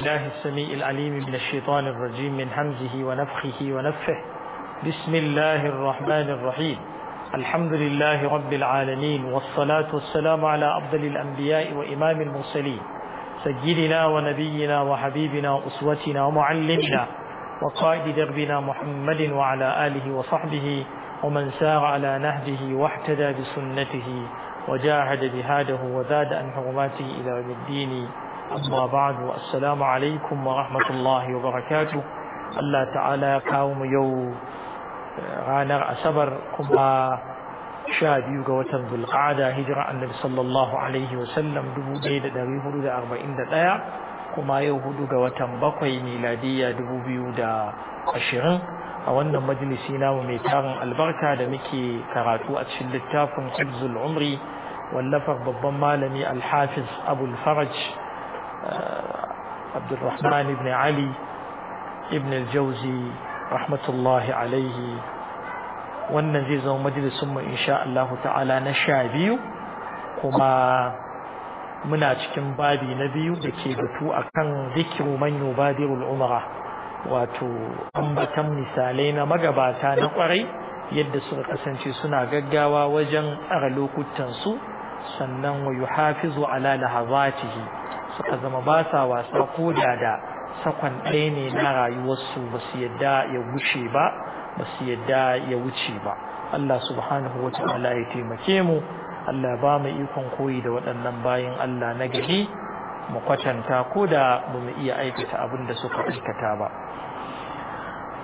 الله السميع العليم من الشيطان الرجيم من همزه ونفخه ونفه بسم الله الرحمن الرحيم الحمد لله رب العالمين والصلاة والسلام على أفضل الأنبياء وإمام المرسلين سيدنا ونبينا وحبيبنا أسوتنا ومعلمنا وقائد دربنا محمد وعلى آله وصحبه ومن سار على نهجه واحتدى بسنته وجاهد جهاده وزاد عن حرماته إلى يوم الدين amma ba'du assalamu alaikum wa rahmatullahi wa barakatuh Allah ta'ala ya kawo mu yau ranar asabar kuma sha biyu ga watan zulqa'ada hijira annabi sallallahu alaihi wa sallam dubu ɗaya da hudu da arba'in da ɗaya kuma yau hudu ga watan bakwai miladiyya dubu biyu da ashirin a wannan majalisi namu mai tarin albarka da muke karatu a cikin littafin hibzul umri wallafar babban malami alhafiz abul faraj عبد الرحمن بن علي ابن الجوزي رحمة الله عليه wannan zai zama majalisun mu insha Allah ta'ala na sha biyu kuma muna cikin babi na biyu da ke batu akan zikiru man yubadirul umra wato ambatan misalai na magabata na kwarai yadda suka kasance suna gaggawa wajen tsara lokutan su sannan wa yuhafizu ala lahazatihi suka zama ba sa wasa ko da da sakon ɗaya ne na rayuwarsu ba su yadda ya wuce ba ba su yadda ya wuce ba Allah subhanahu wa ta'ala ya taimake mu Allah ba mu ikon koyi da waɗannan bayan Allah na gari mu kwatanta ko da ba mu iya aikata abin da suka aikata ba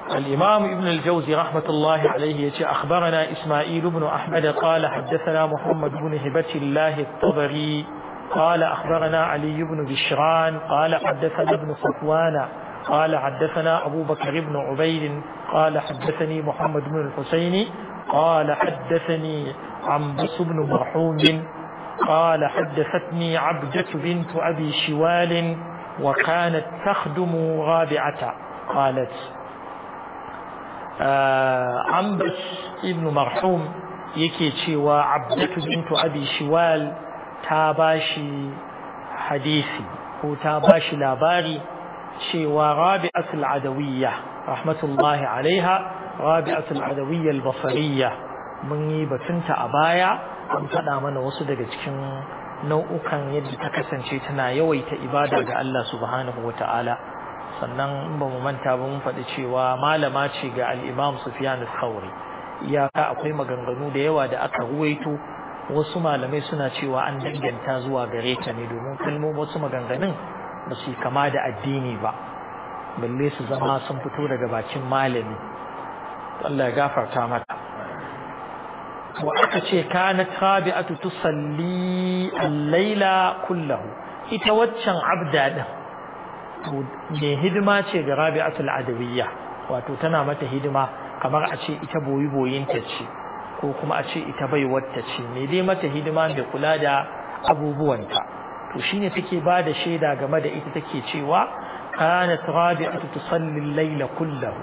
الإمام ابن الجوزي رحمة الله عليه يتي أخبرنا إسماعيل بن أحمد قال حدثنا محمد بن هبة الله الطبري قال أخبرنا علي بن بشران قال حدثنا ابن صفوان قال حدثنا أبو بكر بن عبيد قال حدثني محمد بن الحسين قال حدثني عنبس بن مرحوم قال حدثتني عبدة بنت أبي شوال وكانت تخدم رابعة قالت آه، عنبس بن مرحوم يكي شوى عبدة بنت أبي شوال ta ba shi hadisi ko ta ba shi labari cewa Rabi asul adawiyya rahmatullahi alaiha rabi'atul adawiyya al mun yi batunta a baya an faɗa mana wasu daga cikin nau'ukan yadda ta kasance tana yawaita ibada ga Allah subhanahu ta'ala sannan in ba mu manta ba mun faɗi cewa malama ce ga al-Imam Sufyan al iyaka akwai maganganu da yawa da aka ruwaito wasu malamai suna cewa an danganta zuwa gare ta ne domin kalmomin wasu maganganun ba su kama da addini ba balle su zama sun fito daga bakin malami Allah ya gafarta mata wa aka ce kana rabi'atu tusalli al-laila kullahu ita waccan abda din to ne hidima ce ga rabi'atul adawiyya wato tana mata hidima kamar a ce ita boyi boyinta ce ko kuma a ce ita bai wata ce me dai mata hidima da kula da abubuwanta to shine take ba da shaida game da ita take cewa kanat rabi'atu tusalli al-layla kullahu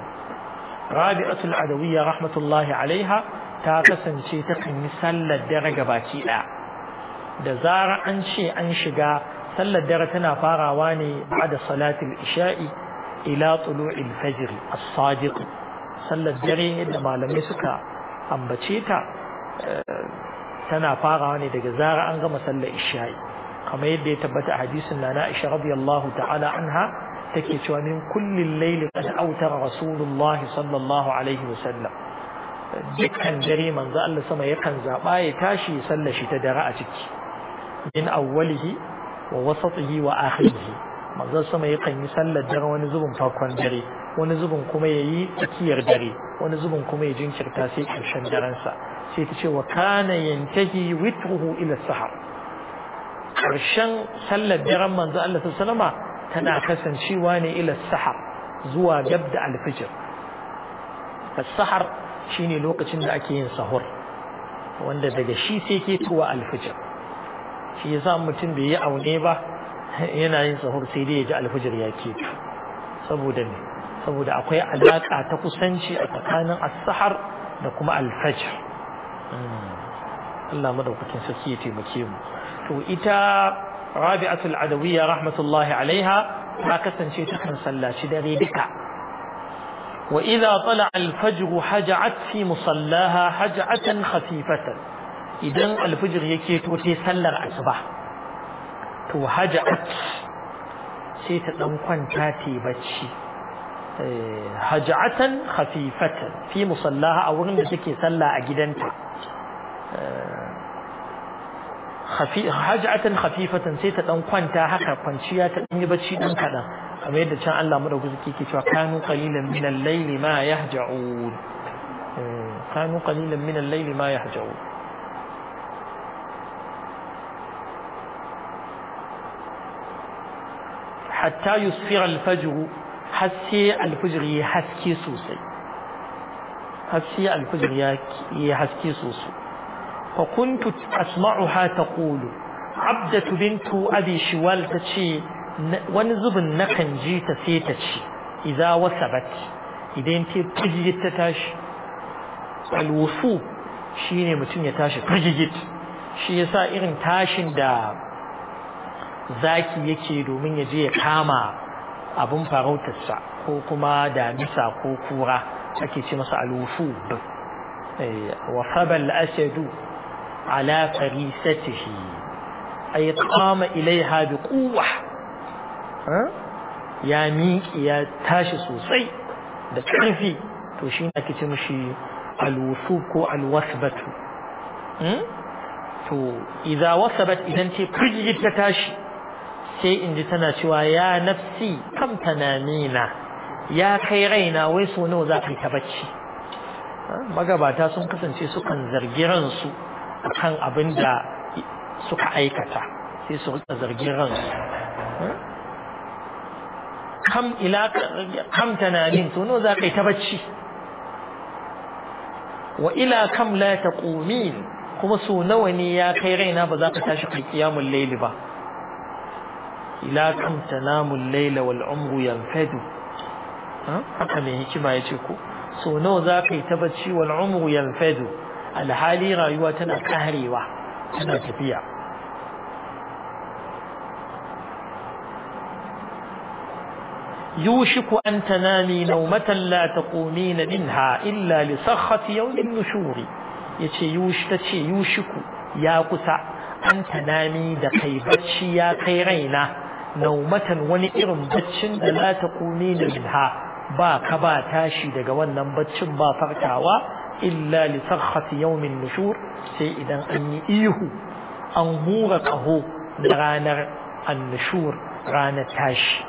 rabi'atu al-adawiyya rahmatullahi alaiha ta kasance ta kan yi sallar dare gabaki daya da zara an ce an shiga sallar dare tana farawa ne ba'da salatul isha'i ila tulu'il fajr as-sadiq sallar dare da malamai suka ambace ta eh, tana farawa ne daga zara an gama sallar isha'i kamar yadda ya tabbata a hadisin na Aisha radiyallahu ta'ala anha take cewa min kullin laili qad awtara rasulullahi sallallahu alaihi wa sallam dukkan dare manzo Allah sama yakan zaba ya tashi ya sallar shi ta dare a ciki min awwalihi wa wasatihi wa akhirihi manzo sama yakan yi sallar dare wani zubin farkon dare wani zubin kuma ya yi tsakiyar dare wani zubin kuma ya jinkirta sai ƙarshen darensa sai ta ce wa kana yantahi witruhu ila sahar ƙarshen sallar daren manzo Allah sallama tana kasancewa ne ila sahar zuwa gab da alfijir as-sahar shine lokacin da ake yin sahur wanda daga shi sai ke tuwa alfijir shi yasa mutum bai yi aune ba yana yin sahur sai dai ya ji alfijir ya ke saboda ne saboda akwai alaƙa ta kusanci a tsakanin as-sahar da kuma al-fajr Allah madaukakin sarki ya taimake mu to ita rabi'atul adawiyya rahmatullahi alaiha ta kasance ta kan sallaci dare duka wa idza tala al-fajr haja'at fi musallaha haja'atan khafifatan idan al-fajr yake to sallar asuba to haja'at sai ta dan kwanta ta bacci هجعة خفيفة في مصلاها أو رغم ذلك سلا أجدنت هجعة خفيفة سيت أن قنتا حكا قنشيا تني بتشي أن كذا أميد شان الله مرة جزك كي كانوا قليلا من الليل ما يهجعون كانوا قليلا من الليل ما يهجعون حتى يصفر الفجر haske alfijir ya haske sosai haske alfijir ya haske sosai fa kuntu asma'uha taqulu abdatu bintu abi shiwal tace wani zubin na kan ji ta sai ta ci, idza wasabat idan ta fijigit ta tashi alwufu shine mutum ya tashi fijigit shi yasa irin tashin da zaki yake domin ya je ya kama abin farautarsa ko kuma damisa ko kura ake ce masa alufu eh, wa sabal asadu ala farisatihi ay qama ilaiha bi quwwa ya miƙi ya tashi sosai da ƙarfi to shi ake ce mishi alwusu ko alwasbatu hmm? to idza wasabat idan ce firgit ta tashi sai in ji tana cewa ya nafsi kam tanamina ya kai raina wai so nawa za ka yi ta bacci ah, magabata sun kasance sukan zargi ransu akan abin da suka aikata sai su rika zargin ransu ah, kam ila kam tanamin so nawa za ka yi ta bacci wa ila kam la taqumin kuma so nawa ne ya kai raina ba za ka tashi kai kiyamul layli ba إلى كم تنام الليل والعمر ينفد haka mai hikima ya ce ko so nawa za ka yi ta bacci wal umru yanfadu alhali rayuwa tana karewa tana tafiya يوشك أن تنامي نومة لا تقومين منها إلا لصخة يوم النشور يتي يوش تتي يوشك يا قسع أن تنامي دقي يا خيرينا naumatan wani irin baccin da la taqumi minha ba ka ba tashi daga wannan baccin ba farkawa illa li sarhati yawmin nushur sai idan an yi ihu an hura kaho da ranar annushur ranar tashi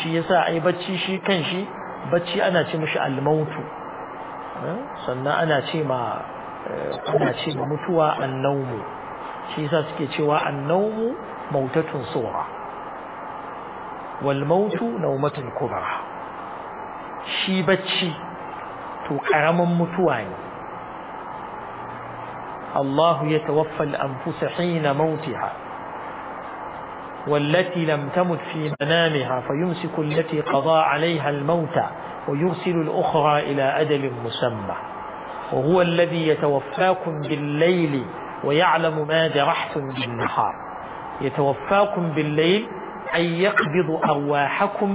shi yasa ai bacci shi kan shi bacci ana ce mishi almautu eh? sannan ana ce ma eh, ana ce ma mutuwa annaumu shi yasa suke cewa annaumu موتة صورة والموت نومة كبرى shi bacci to karamin الله يتوفى الأنفس حين موتها والتي لم تمت في منامها فيمسك التي قضى عليها الموت ويرسل الأخرى إلى أدل مسمى وهو الذي يتوفاكم بالليل ويعلم ما جرحتم بالنهار يتوفاكم بالليل أن يقبض أرواحكم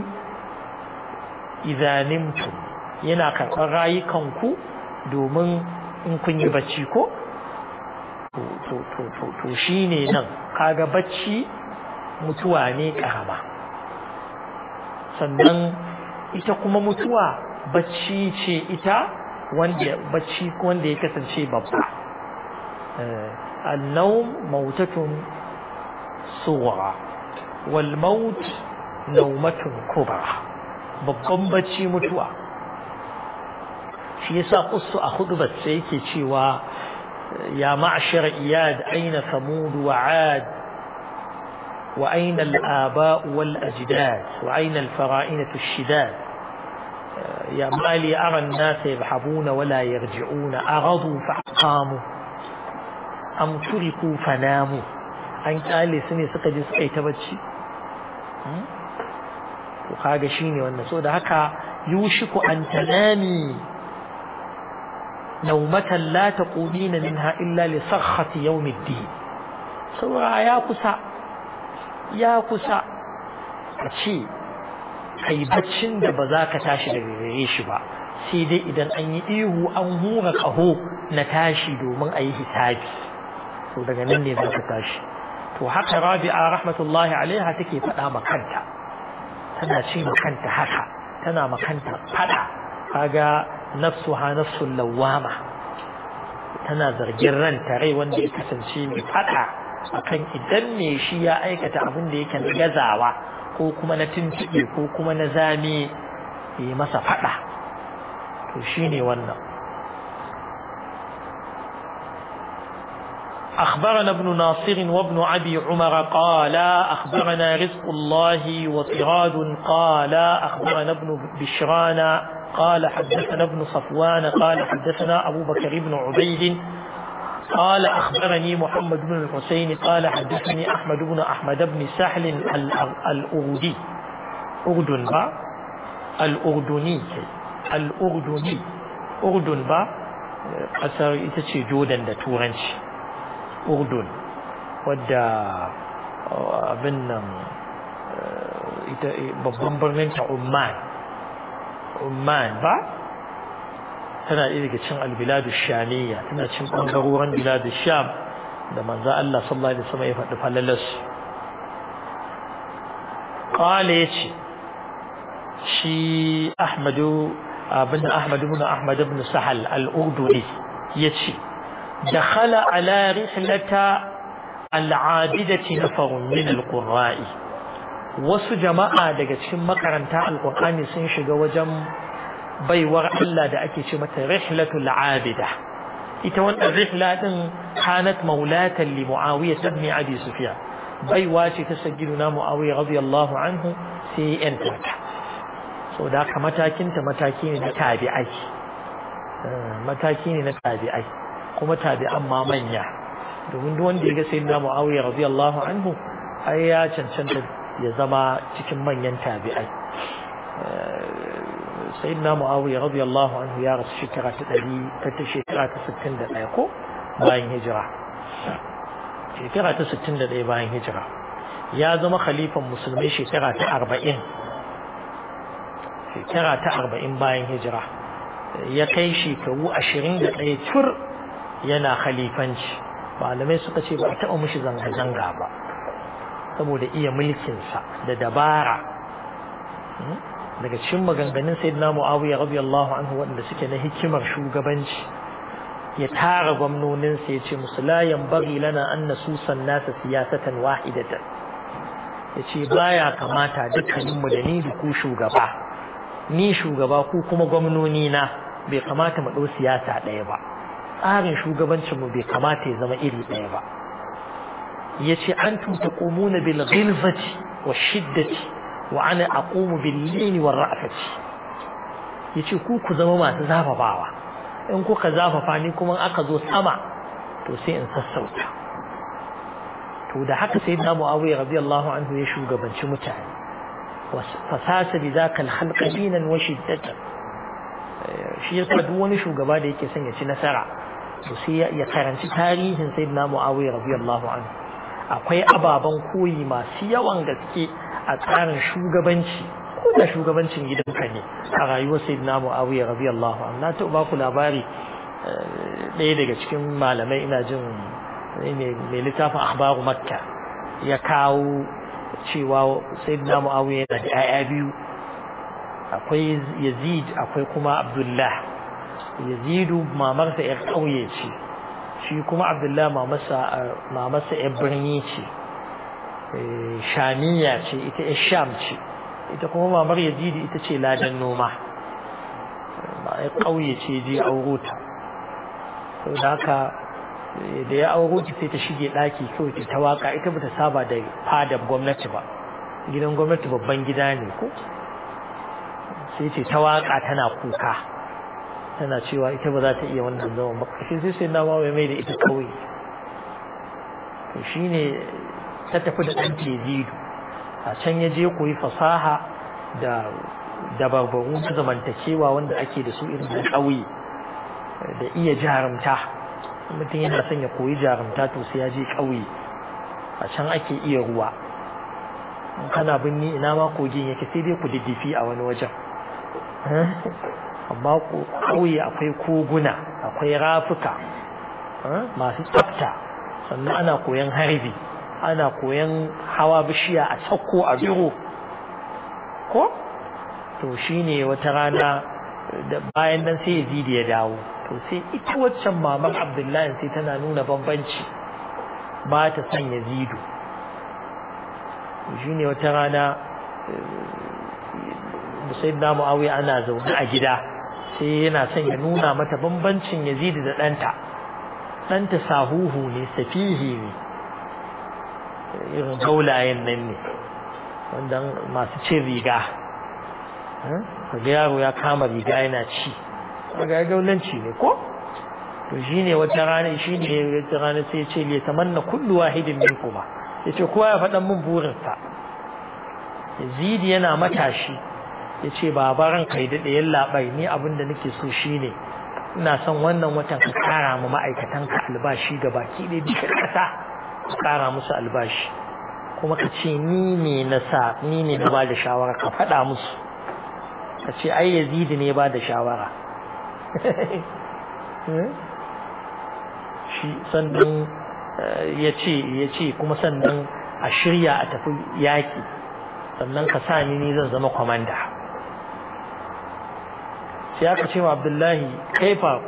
إذا نمتم yana karɓar rayukanku domin in kun yi bacci ko? to shi ne nan kaga bacci mutuwa ne ƙarama sannan ita kuma mutuwa bacci ce ita wanda wanda ya kasance babba النوم موتة صغرى والموت نومة كبرى بقوم بشي متوى في ساقص أخذ بسيكي شوى يا معشر إياد أين ثمود وعاد وأين الآباء والأجداد وأين الفرائنة الشداد يا مالي أرى الناس يذهبون ولا يرجعون أغضوا فأقاموا أم تركوا فناموا an kyale su ne suka je suka yi ta bacci hmm? to kaga shine wannan so da haka yushiku an tanami naumatan la taqumina minha illa li sakhati yawmiddin saura ya kusa ya kusa a ce kai baccin da ba za ka tashi da gare shi ba sai dai idan an yi ihu an hura ƙaho na tashi domin a yi hisabi to daga nan ne za ka tashi to haka rabi'a rahmatullahi alaiha take faɗa makanta tana ce makanta haka tana makanta faɗa kaga nafsu ha nafsu lawama tana zargin ranta rai wanda ya kasance mai faɗa akan idan me shi ya aikata abin da yake na gazawa ko kuma na tuntuɓe ko kuma na zame yi masa faɗa to shine wannan أخبرنا ابن ناصر وابن أبي عمر قال أخبرنا رزق الله وطراد قال أخبرنا ابن بشران قال حدثنا ابن صفوان قال حدثنا أبو بكر بن عبيد قال أخبرني محمد بن الحسين قال حدثني أحمد بن أحمد بن سهل الأردي أردن با الأردني الأردني أردن با أثر أه، إتشي جودا دا تورنشي urdun wadda uh, abin nan uh, ita eh, babban birnin ta umman umman ba tana ɗaya daga cin albiladu shamiya tana cin ɓangarorin biladu sham da manzo Allah sallallahu alaihi wasallam ya faɗi falalarsu qala yace shi Ahmadu abin Ahmad ibn Ahmad ibn Sahal al-Urduni yace دخل على رحلة العابدة نفر من القراء wasu jama'a daga cikin makaranta alkur'ani sun shiga wajen baiwar Allah da ake ce mata rihlatul abida ita wannan rihla din kanat maulatan li muawiya ibn abi sufyan baiwa ce ta sayyiduna muawiya radiyallahu anhu sai yan ta so da ka matakin ta mataki ne na tabi'ai eh, mataki ne na tabi'ai kuma tabi'an ma manya domin duk wanda ya ga sayyidina muawiya radiyallahu anhu ai ya cancanta ya zama cikin manyan tabi'ai eh, sayyidina muawiya radiyallahu anhu ya rasu shekara ta 100 ta shekara ta 61 ko bayan hijira shekara ta 61 bayan hijira ya zama khalifan musulmai shekara ta 40 shekara ta 40 bayan hijira ya kai shekaru 21 cur yana khalifanci malamai suka ce ba a taɓa mushi zanga-zanga ba saboda iya mulkinsa da dabara hmm? daga cikin maganganun sayyidina muawiya radiyallahu anhu waɗanda suke na hikimar shugabanci ya tara gwamnoninsa ya ce musu bari lana an na susan nasa siyasatan wahidatan ya ce baya kamata dukkaninmu da ni da ku shugaba ni shugaba ku kuma gwamnoni na bai kamata mu ɗau siyasa ɗaya ba tsarin shugabancin mu bai kamata ya zama iri ɗaya ba ya ce an tuta ƙumuna bil ghilzati wa shiddati wa ana aqumu bil lini wa ra'fati ya ce ku ku zama masu zafafawa in kuka zafafa ni kuma aka zo sama to sai in sassauta to da haka sai da mu'awiya radiyallahu anhu ya shugabanci mutane fasasa bi zaka al-khalqa wa shiddatan shi yasa duk wani shugaba da yake son ya ci nasara to sai ya karanci tarihin sayyidina muawiya radiyallahu anhu akwai ababan koyi masu yawan gaske a tsarin shugabanci ko da shugabancin gidanka ne a rayuwar sayyidina muawiya radiyallahu anhu na taɓa ku labari eh, ɗaya daga cikin malamai ina jin eh, mai littafin ahbaru makka ya kawo cewa sayyidina muawiya yana da 'ya'ya biyu akwai yazid akwai kuma abdullah yazidu mamarsa yar ƙauye ce shi kuma abdullahi mamarsa yar birni ce eh, shamiya ce ita yar sham ce ita kuma mamar yazidu ita ce ladan noma ƙauye ce je auro ta da haka eh, da ya auro ta sai ta shige ɗaki kawai ta ta waka ita bata saba da fadar gwamnati ba gidan gwamnati babban gida ne ko sai ce ta waka tana kuka tana cewa ita ba za ta iya wannan zaman ba ƙarshe sai sai na wawaye mai da ita kawai to shine ta tafi da ɗan tezidu a can ya je koyi fasaha da dabarbaru na zamantakewa wanda ake da su irin da ƙauye da iya jarumta mutum yana son ya koyi jarumta to sai ya je ƙauye a can ake iya ruwa kana binni ina ma kogin yake sai dai ku diddifi a wani wajen amma ƙauye akwai koguna akwai rafuka masu tsafta sannan ana koyan harbi ana koyan hawa bishiya a sako a biro ko to shine wata rana bayan nan sai yazidi ya dawo to sai ita waccan maman abdullahi sai tana nuna bambanci ba ta son yazidu shine wata rana musayyid eh, na awi ana zaune a gida sai yana son ya nuna mata bambancin Yazid da ɗanta ɗanta sahuhu ne safihi ne irin gaulayen nan ne wanda masu cin riga yaro ya kama riga yana ci kaga gaulanci ne ko to shine wata rana shine wata rana sai ce li tamanna kullu wahidin minkuma yace kowa ya faɗan min burinsa Yazid yana matashi ya ce babaran kai daɗe ɗayan labai ni abin da nake so shine ina son wannan watan ka kara mu ma'aikatan ka albashi ga baki ɗaya duka ƙasa ka kara musu albashi kuma ka ce ni ne na sa ni ne na ba da shawara ka faɗa musu ka ce ai yazidi ne ba da shawara hmm? shi sannan eh, ya ce ya ce kuma sannan a shirya a tafi yaƙi sannan ka sa ni ni zan zama kwamanda sai aka ce wa abdullahi kaifa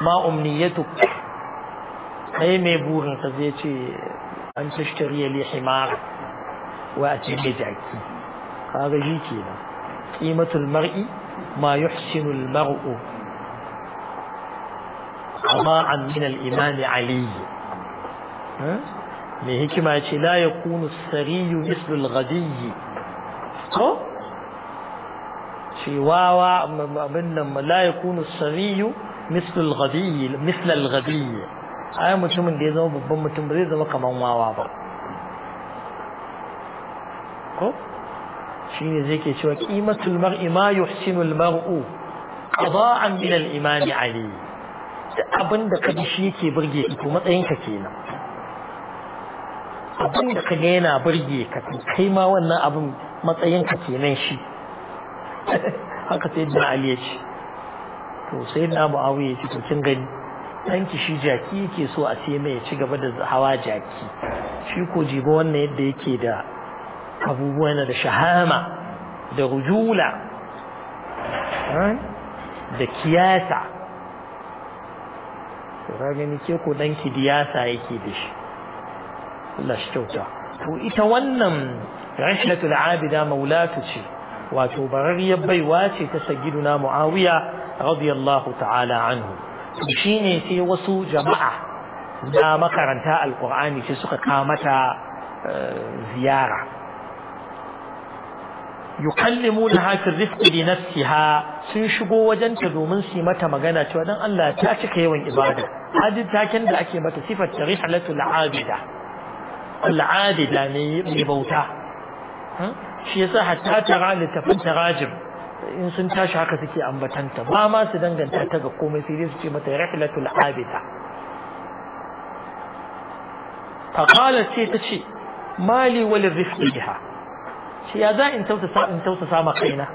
ma umniyatu kai mai burin ka zai ce an tashtariya li himar wa a ce mai jaki kaga shi kenan qimatul mar'i ma yuhsinu al mar'u ama'an min al iman ali mai hikima ce la yakunu as-sariyu mislu al-ghadiyyi ko cewawa abin nan la yakunu sariyu mislul ghadiyi mislal ghadiyi ai mutumin da ya zama babban mutum ba zai zama kamar wawa ba ko ne zai ke cewa qimatul mar'i ma yuhsinu al mar'u qada'an min al iman ali abin da kaji shi yake burge ki to matsayin ka kenan abin da kaga yana burge ka kai ma wannan abin matsayin ka kenan shi haka sai da ali ya ce to sai na mu'awiya ya ce to kin gani ki shi jaki yake so a sai mai ya ci gaba da hawa jaki shi ko jibo wannan yadda yake da abubuwa yana da shahama da rujula da kiyasa ka gani ke ko ki diyasa yake da shi Allah shi kyauta to ita wannan rashlatul abida maulatu ce واتو برري بي واتي تسجدنا معاوية رضي الله تعالى عنه وشيني في وسو جماعة دا مقرنتا القرآن في سوق قامة آه، زيارة يكلمون هاك الرفق لنفسها سنشقو وجنت ذو من سيمتها مغانا تودا أن لا تاتك يوين إبادة هذه تاكن دا أكيمة صفة رحلة العابدة العابدة ميبوتا ها shi yasa hatta ta tara littafin tarajim in sun tashi haka suke ambatanta ba ma su danganta ta ga komai sai su ce mata rihlatul abita faqala ce ta ce mali wal rifqi biha shi ya za in tausa sa in tausa sa ma kaina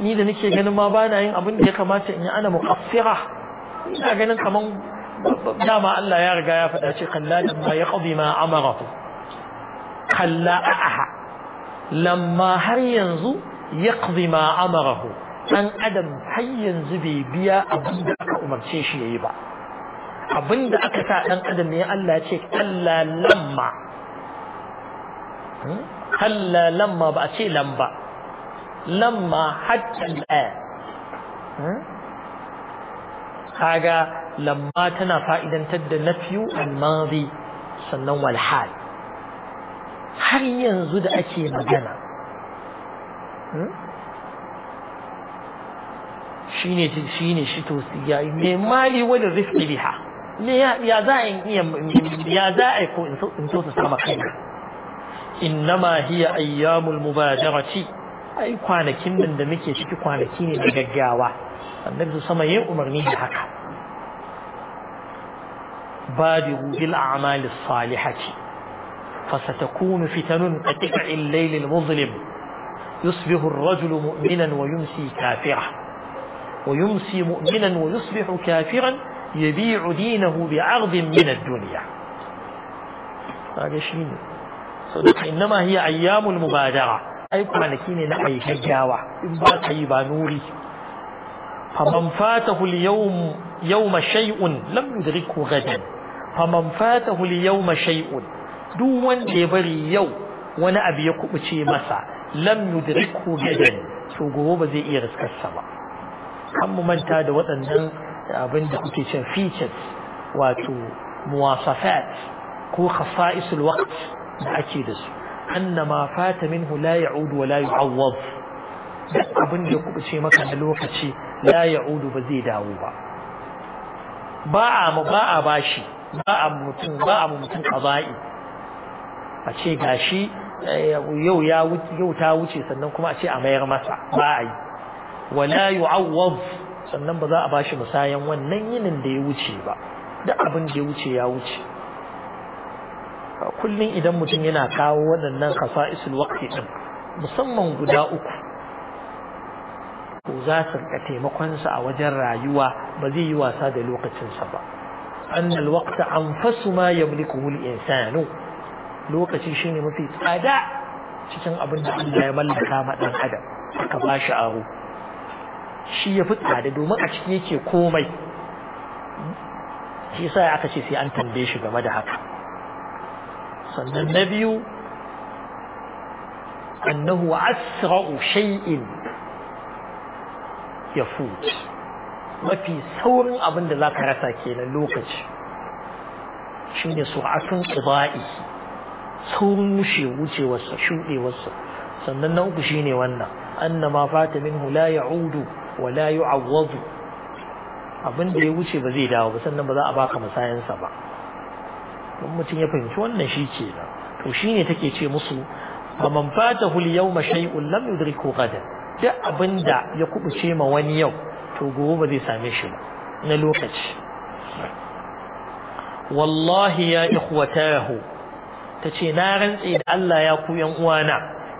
ni da nake ganin ma bana yin abin da ya kamata in yi ana muqaffira ina ganin kaman dama Allah ya riga ya faɗa ce kalla ma yaqdi ma amara kalla aha لما هر ينزو يقضي ما أمره أن أدم هاي ينزو بي بيا أبن دعك تشيشي يبا أبن دعك تا أن أدم يا الله تشيك ألا لما ألا لما بقى تشي لما لما حتى الآن هذا لما تنفى إذا تد نفي الماضي سنو الحال har yanzu da ake magana shi ne shi ne shi to ya me mali wani rifki biha me ya za a iya ya za a ko in so su sama kaina innama hiya ayyamul mubadarati ai kwanakin nan da muke ciki kwanaki ne na gaggawa annabi su sama yayin umarni da haka badi bil a'malis salihati فستكون فتن كقطع الليل المظلم يصبح الرجل مؤمنا ويمسي كافرا ويمسي مؤمنا ويصبح كافرا يبيع دينه بعرض من الدنيا هذا شيء إنما هي أيام المبادرة أي كوانكين نعي كجاوة إن باقي بانوري فمن فاته اليوم يوم شيء لم يدركه غدا فمن فاته اليوم شيء duk wanda ya bari yau wani abu ya kubuce masa lam yudriku gadan to gobe ba zai iya riskarsa ba kan mu manta da waɗannan abin da kuke cin features wato muwasafat ko khasa'isul waqt da ake da su anna ma fata minhu la ya'ud wa la yu'awwad duk abin da ya kubuce maka na lokaci la ya'ud ba zai dawo ba ba a ba a bashi ba a mutum ba a mutum qaza'i a ce gashi eh, yau ya yau ta wuce sannan kuma a ce a mayar masa ba a yi wala yu'awwad sannan ba za a bashi musayan wannan yinin da ya wuce ba duk abin da ya wuce ya wuce kullum idan mutum yana kawo waɗannan kasa'isul waqti din musamman guda uku ko za su taimakon taimakonsa a wajen rayuwa ba zai yi wasa da lokacinsa ba annal waqta anfasu ma yamliku al-insanu lokaci shine mafi tsada cikin abin da Allah ya mallaka ma dan adam aka ba shi aro shi ya fi tsada domin a ciki yake komai shi sa aka ce sai an tambaye shi game da haka sannan na biyu annahu asra'u shay'in yafut mafi saurin abin da zaka rasa kenan lokaci shine su'atun qida'i saurin rushe wucewarsa shuɗewarsa sannan na uku shine wannan annama ma min hula ya ya'udu wa la yu'awwadu abin da ya wuce ba zai dawo ba sannan ba za a baka musayansa ba in mutum ya fahimci wannan shi ke nan to shine take ce musu fa man fatahu al-yawma shay'un lam yudriku ghadan duk abin da ya kubuce ma wani yau to gobe ba zai same shi ba na lokaci wallahi ya ikhwatahu tace na rantse da Allah ya ku yan uwana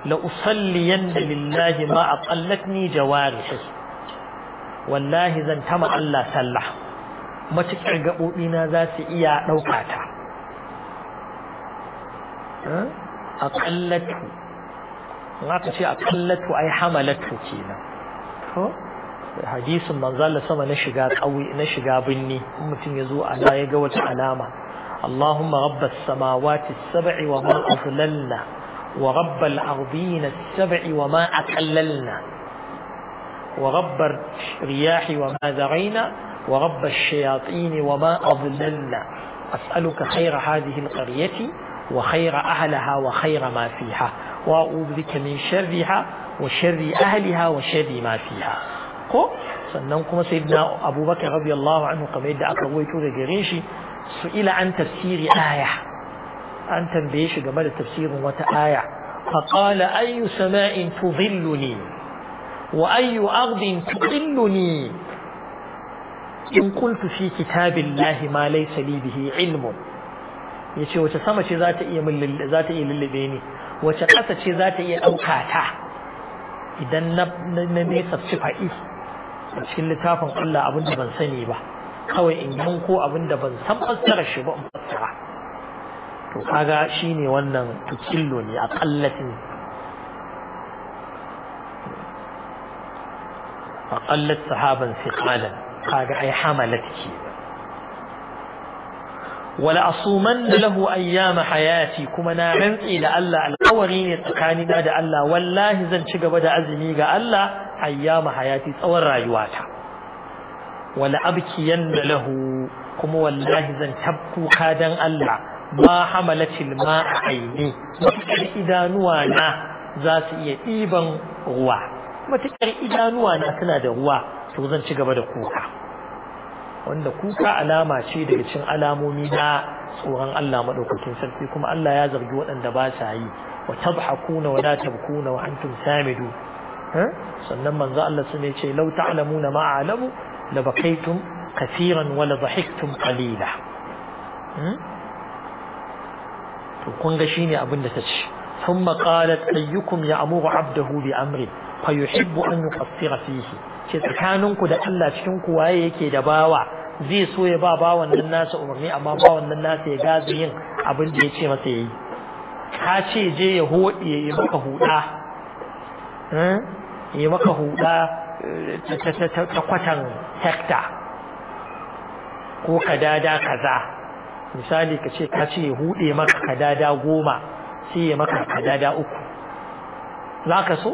la usalliyanna lillahi ma aqallatni jawarihi wallahi zan tama Allah sallah matukar gabobi na za su iya dauka ta aqallatu aka ce aqallatu ai hamalatu kenan to hadisin manzo Allah sama na shiga kauye na shiga binni mutum yazo ana ya ga wata alama اللهم رب السماوات السبع وما أضللنا ورب الأرضين السبع وما أكللنا ورب الرياح وما ذرينا ورب الشياطين وما أضللنا أسألك خير هذه القرية وخير أهلها وخير ما فيها وأعوذ بك من شرها وشر أهلها وشر ما فيها ko سيدنا أبو بكر رضي الله عنه قبل yadda aka rawaito su'ila an tafsiri aya an tambaye shi game da tafsirin wata aya فقال أي سماء تظلني وأي أرض تظلني إن قلت ne. كتاب الله ما ليس لي bihi ilmu, yace wace sama ce za ta iya za ta iya lullube ni wace ƙasa ce za ta iya ɗauka ta idan na na ne tsafci fa'i a cikin littafin Allah abin da ban sani ba kawai in ko abin da ban san fassara shi ba in fassara to kaga shine wannan tukillo ne a kallatin a kallat sahaban siqalan kaga ai hamalat ke wala asuman da lahu ayyama hayati kuma na rantsi da Allah alƙawari ne tsakanina da Allah wallahi zan ci gaba da azumi ga Allah ayyama hayati tsawon rayuwata wala yadda lahu kuma wallahi zan tabku kadan Allah ma hamalatil ma'a aini idanuwa na za su iya ɗiban ruwa matuƙar idanuwa na suna da ruwa to zan ci gaba da kuka wanda kuka alama ce daga cikin alamomi na tsoron Allah maɗaukakin sarki kuma Allah ya zargi waɗanda ba sa yi wa tabhakuna wa la tabkuna wa antum samidu sannan manzo Allah sun ce lau ta'lamuna ma a'lamu لبقيتم كثيرا ولضحكتم alila. kun ga shine abin da tace sun qalat ayyukum ya amur bi amri fayuhibbu an yuqassira fihi ce tsakaninku da Allah cikin ku waye yake da bawa zai so ya ba bawan nan nasa umarni amma bawan nan nasa ya gaza yin abin da yace masa yayi ka ce je ya hodi ya maka huda ya maka huda ta kwatan hekta ko kadada kaza misali ka ce ka ce ya hude maka kadada goma sai ya maka kadada uku za ka so?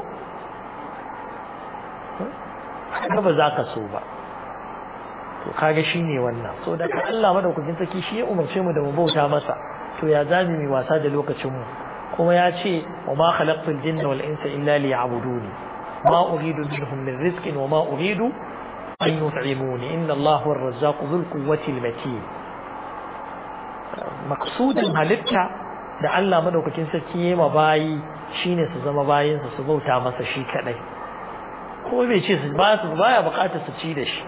ba ba za ka so ba to kaga shi ne wannan so da ka Allah madaukakin saki shi ya umarce mu da mu bauta masa to ya zami mai wasa da lokacinmu kuma ya ce wa ma khalaqtul jinna wal insa illa liya'buduni ما أريد منهم من رزق وما أريد أن يطعموني إن الله halitta da Allah madaukakin sarki ya ma bayi shine su zama bayinsa su bauta masa shi kaɗai. ko bai ce ba su baya bukatar su ci da shi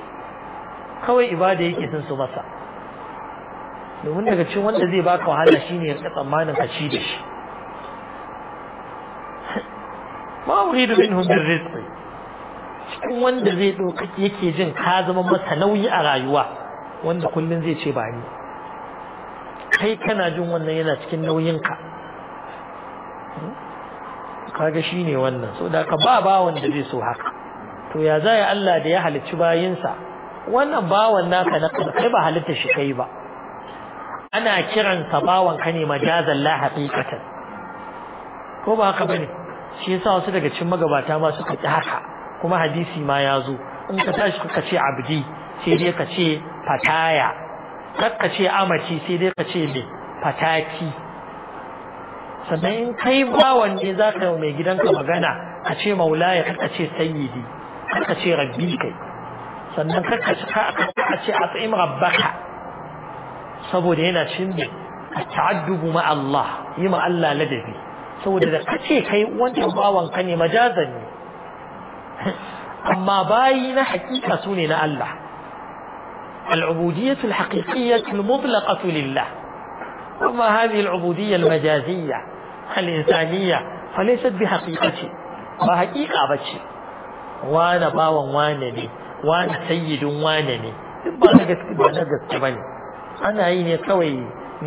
kawai ibada yake son su masa domin daga cikin wanda zai baka wahala shine ya tsammanin ka ci da shi ma uridu minhum min rizqi cikin wanda zai doka yake jin ka zama masa nauyi a rayuwa wanda kullun zai ce ba ni kai kana jin wannan yana cikin nauyin ka kaga shine wannan saboda ka ba ba wanda zai so haka to ya zai Allah da ya halicci bayinsa wannan bawan naka na kai ba halitta shi kai ba ana kiransa bawan ka ne majazan la haqiqatan ko ba haka bane shi yasa wasu daga cikin magabata ma suka ƙi haka kuma hadisi ma ya zo in ka tashi ka ce abdi sai dai ka ce fataya kar ka ce amaci sai dai ka ce me fataki sannan in kai bawan ne za ka mai gidanka magana ka ce maulaya kar ka ce sayyidi kar ka ce rabbi kai sannan kar ka ce at'im rabbaka saboda yana cin ne ta'addubu ma Allah yi ma Allah ladabi saboda da ka kai wancan bawan ka ne majazan ne amma bayi na hakika sune na Allah al-haqiqiyyah al-mutlaqah lillah amma hadi العبودية al-majaziyyah al-insaniyyah fa العبودية bi haqiqati ba haqiqa bace wani bawan wani ne wani sayyidun wani ne duk ba na gaske ba na gaske bane ana yi ne kawai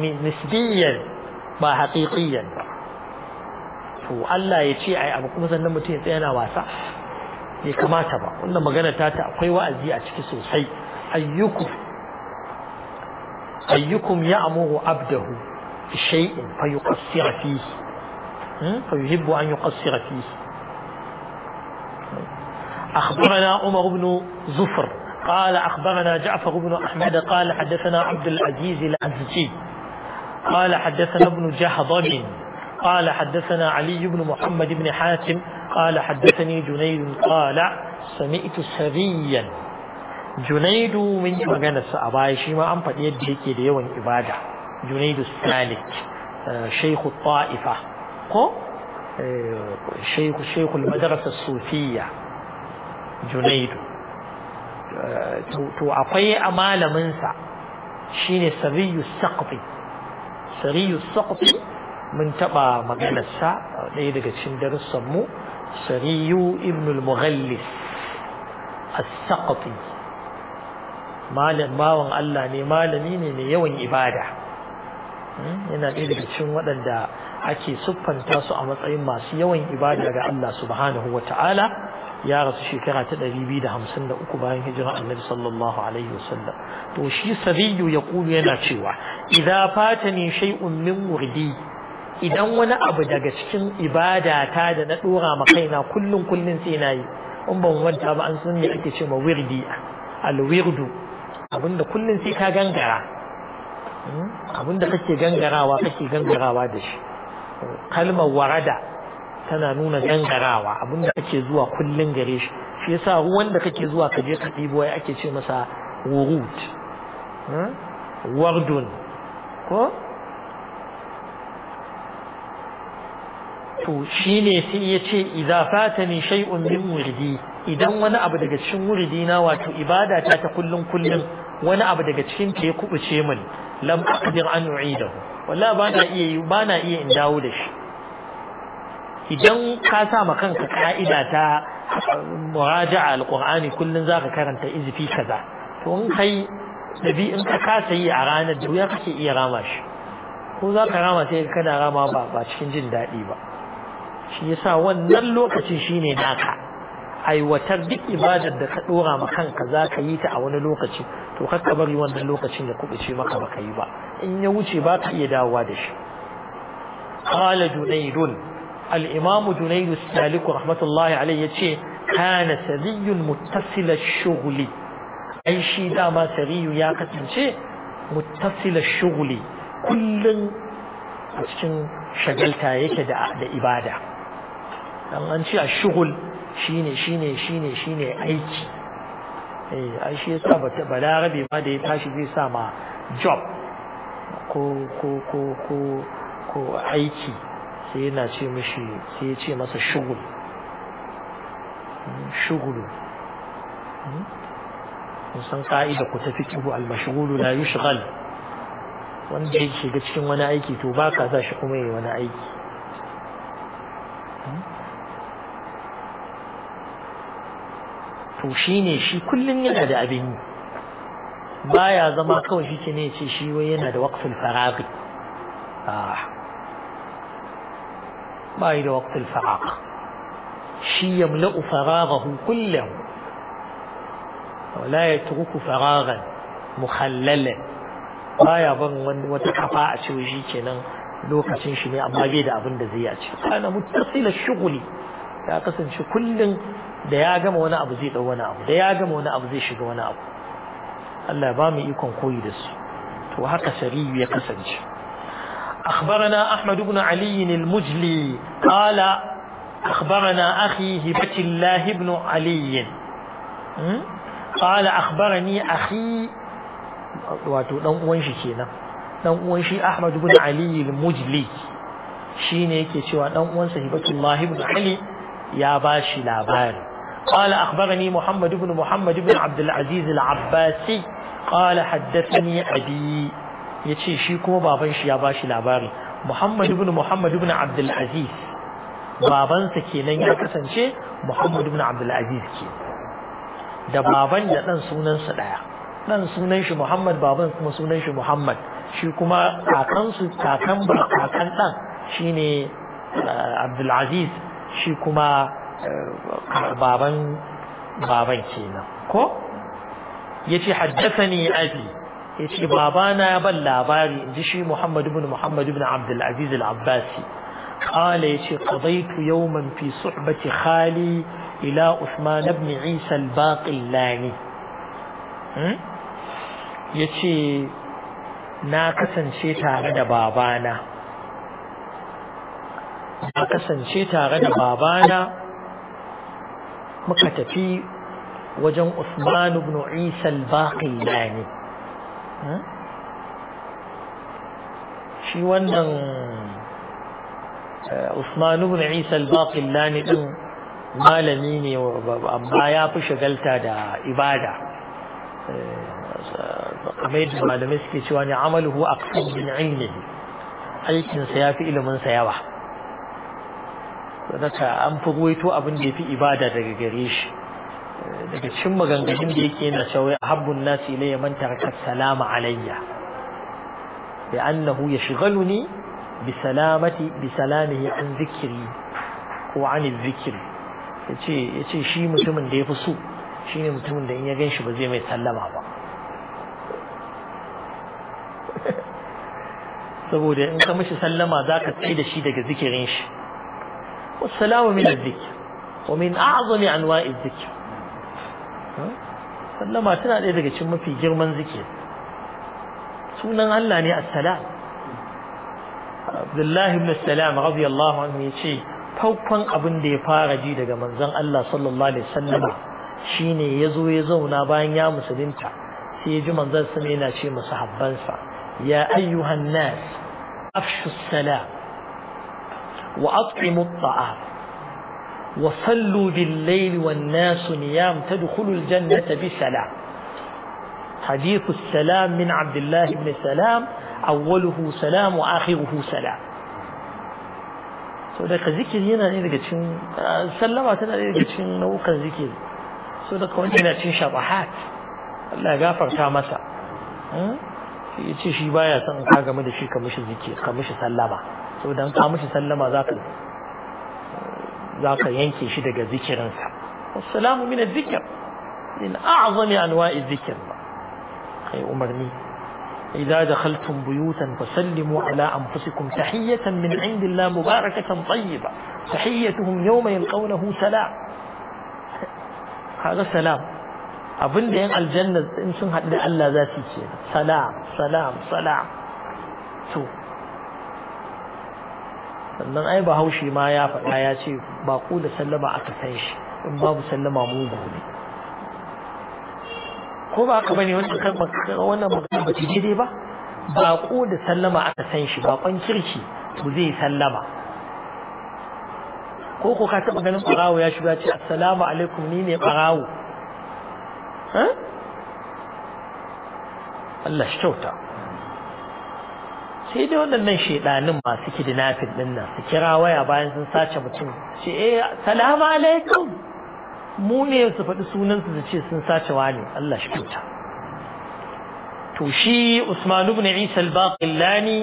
nisbiyyan ba haqiqiyyan ba to Allah ya ce ai abu kuma sannan mutum ya tsaya yana wasa bai kamata ba wannan magana ta ta akwai wa'azi a ciki sosai ayyukum ayyukum ya'muru abdahu shay'in fa yuqassira fihi hmm fa yuhibbu an yuqassira fihi أخبرنا عمر بن زفر قال أخبرنا جعفر بن أحمد قال حدثنا عبد العزيز الأزجي قال حدثنا ابن جهضم قال حدثنا علي بن محمد بن حاتم قال حدثني جنيد قال سمعت سريا جنيد من مغانا سأباي شيما أم فديت ديوان إبادة جنيد السالك آه، شيخ الطائفة قو آه، شيخ شيخ المدرسة الصوفية جنيد آه، تو أقوي أمال منسى شين سري السقطي سري السقطي mun taɓa maganarsa ɗaya daga cikin darussanmu sariyu ibn al-mughallis as malam bawan Allah ne malami ne mai yawan ibada hmm? yana ɗaya daga cikin waɗanda ake siffanta su a matsayin masu yawan ibada ga Allah subhanahu ya rasu shekara ta 253 bayan hijira annabi sallallahu alaihi wasallam to shi sariyu ya yana cewa idza fatani shay'un min wurdi idan wani abu daga cikin ibada ta da na dora ma kaina kullun kullun sai na yi in ban wanta ba an san ake ce ma wirdi alwirdu abinda kullun sai ka gangara hmm? abinda kake gangarawa kake gangarawa da shi kalmar warada tana nuna gangarawa abinda kake zuwa kullun gare shi shi yasa ruwan da kake zuwa ka je ka ɗibo ake ce masa wurud hmm? wardun ko to shine sai ya ce idza fatani shay'un min wurdi idan wani abu daga cikin wurdi na wato ibada ta ta kullun kullun wani abu daga cikin ta ya kubuce min lam aqdir an u'idahu wallahi ba na iya ba iya in dawo da shi idan ka sa ma kanka ka'ida ta muraja'a alqur'ani kullun zaka karanta izfi kaza to in kai nabi in ka kasa yi a ranar da wuya kake iya rama shi ko za ka rama sai kana rama ba ba cikin jin daɗi ba shi yasa wannan lokaci shine naka aiwatar duk ibadar da ka ɗora ma kanka za ka yi ta a wani lokaci to kar ka bari wannan lokacin ya kubuce maka baka yi ba in ya wuce ba ka iya dawowa da shi qala junaydun al imamu Junairu Saliku salik rahmatullahi alayhi yace kana sariyun muttasila ash-shughli ai shi dama sariyu ya kasance muttasila ash-shughli kullun a cikin shagalta yake da ibada dan an ce a shugul shine shine shine shine aiki eh ai shi yasa balarabe ma da ya tashi zai sa ma job ko ko ko ko ko aiki sai yana ce mishi sai ya ce masa shugul hmm, shugulu hmm? kun san ka'ida ku tafi kihu almashghulu la yushghal wanda ya shiga cikin wani aiki to baka za shi kuma yi wani aiki to shine shi kullun yana da abin yi baya zama kawai shi ke ne ce shi wai yana da waqful faraqi ah bai da waqful faragh shi yamla'u faraghahu kullahu wala yatruku faraghan mukhallalan baya ban wani wata kafa a ce shi kenan lokacin shi ne amma bai da abin da zai yi a ce ana mutasila shughuli ya kasance kullun da ya gama wani abu zai dau wani abu da ya gama wani abu zai shiga wani abu Allah ba mu ikon koyi da su to haka sariyu ya kasance أخبرنا أحمد بن علي المجلي قال أخبرنا أخي هبة الله بن علي قال أخبرني أخي wato dan uwan shi kenan dan uwan shi Ahmad ibn Ali shine yake cewa dan uwan Hibatullah Ali ya bashi labari قال أخبرني محمد بن محمد بن عبد العزيز العباسي قال حدثني أبي يتشي شيكو بابا شياباشي لاباري محمد بن محمد بن عبد العزيز بابا سكينين يكسن شي محمد بن عبد العزيز كي da baban da ɗan sunansa ɗaya ɗan sunan shi Muhammad baban kuma sunan shi Muhammad shi kuma kakansu kakan ba kakan ɗan shine Abdulaziz shi kuma baban baban kenan ko yace haddathani abi yace babana ya ban labari inji shi Muhammad ibn Muhammad ibn Abdul Aziz al-Abbasi قال يشي قضيت يوما في صحبة خالي إلى عثمان بن عيسى الباقلاني يشي na kasance tare da babana na kasance tare da babana muka tafi wajen Usman ibn Isa al-Baqillani hmm? shi wannan eh, Usman ibn Isa al-Baqillani din malami ne amma ya fi shagalta da ibada eh, kamar yadda malamai suke cewa ne amaluhu aqsam min ilmihi aikinsa ya fi iliminsa yawa sadaka an fi ruwaito abin da ya fi ibada daga gare shi daga cikin maganganun da yake yana cewa habbun nasi ya manta ka salama alayya bi annahu yashghaluni bi salamati bi salamihi an zikri ko an zikri yace yace shi mutumin da yafi so shine mutumin da in ya ganshi ba zai mai sallama ba saboda in ka mishi sallama zaka tsaye da shi daga zikirin shi والسلام من الذكر ومن أعظم أنواع الذكر sallama tana ɗaya daga cikin mafi girman zikir sunan Allah ne assalam Abdullahi ibn Salam radiyallahu anhu ya ce farkon abin da ya fara ji daga manzon Allah sallallahu alaihi wasallam shine ya zo ya zauna bayan ya musulunta sai yaji ji manzon yana ce masa habbansa ya ayyuhan nas salam وأطعموا الطعام وصلوا بالليل والناس نيام تدخلوا الجنة بسلام حديث السلام من عبد الله بن سلام أوله سلام وآخره سلام سودا كذكر هنا إذا كتشن سلام عتنا إذا كتشن نو كذكر سودا كون هنا تشن شبحات الله غافر كامسا هم يتشي شبايا سان كاغا مدشي كمشي ذكر كمشي سلامة so dan ka mishi sallama zaka zaka yanke shi daga zikirinsa wassalamu min adh-dhikr min a'zami anwa'i adh-dhikr kai umarni إذا دخلتم بيوتا فسلموا على أنفسكم تحية من عند الله مباركة طيبة تحيتهم يوم يلقونه سلام هذا سلام أبن دين الجنة إن سنها إلا الله ذاتي سلام سلام سلام تو sannan ai bahaushe ma ya faɗa ya ce baƙo da sallama aka san shi in babu sallama mugu ne ko ba ka bane wannan wannan magana ba ta dai ba baƙo da sallama aka san shi baƙon kirki to zai sallama ko ko ka taɓa ganin ɓarawo ya shiga ce assalamu alaikum ni ne ɓarawo Allah shi kyauta sai dai waɗannan shaidanin masu kidnapping ɗin nan su kira waya bayan sun sace mutum ce eh salamu alaikum mu ne su faɗi sunansu su ce sun sace wani Allah shi kyauta to shi Usman ibn Isa al-Baqillani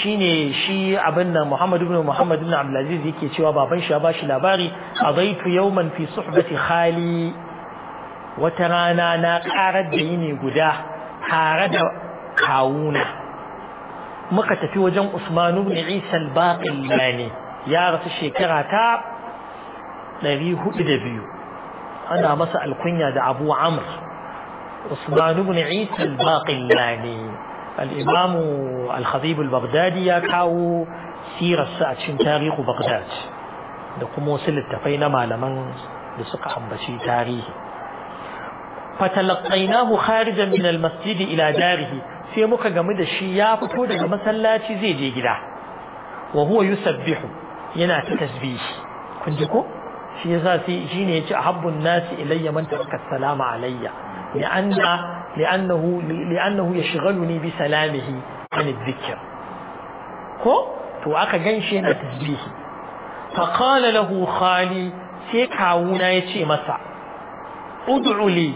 shine shi abin nan Muhammad ibn Muhammad ibn Abdulaziz yake cewa baban shi ya bashi labari adaitu yawman fi suhbati khali wata rana na karar da yini guda tare da kawuna muka tafi wajen Usman ibn Isa al-Baqillani ya rasu shekara ta 402 ana masa alkunya da Abu Amr Usman ibn Isa al-Baqillani al-Imam al-Khatib al-Baghdadi ya kawo sirar sa a cikin tarihi Baghdad da kuma wasu littafai na malaman da suka ambaci tarihi kharijan min al-masjid ila darihi sai muka gamu da shi ya fito daga masallaci zai je gida wa huwa yusabbihu yana ta tasbihi kun ji ko shi yasa sai shine yace ahabbun nasi ilayya man taraka salama alayya li'anna li'annahu li'annahu yashghaluni bi salamihi an adh-dhikr ko to aka ganshi yana tasbihi fa qala lahu khali sai kawuna yace masa ud'u li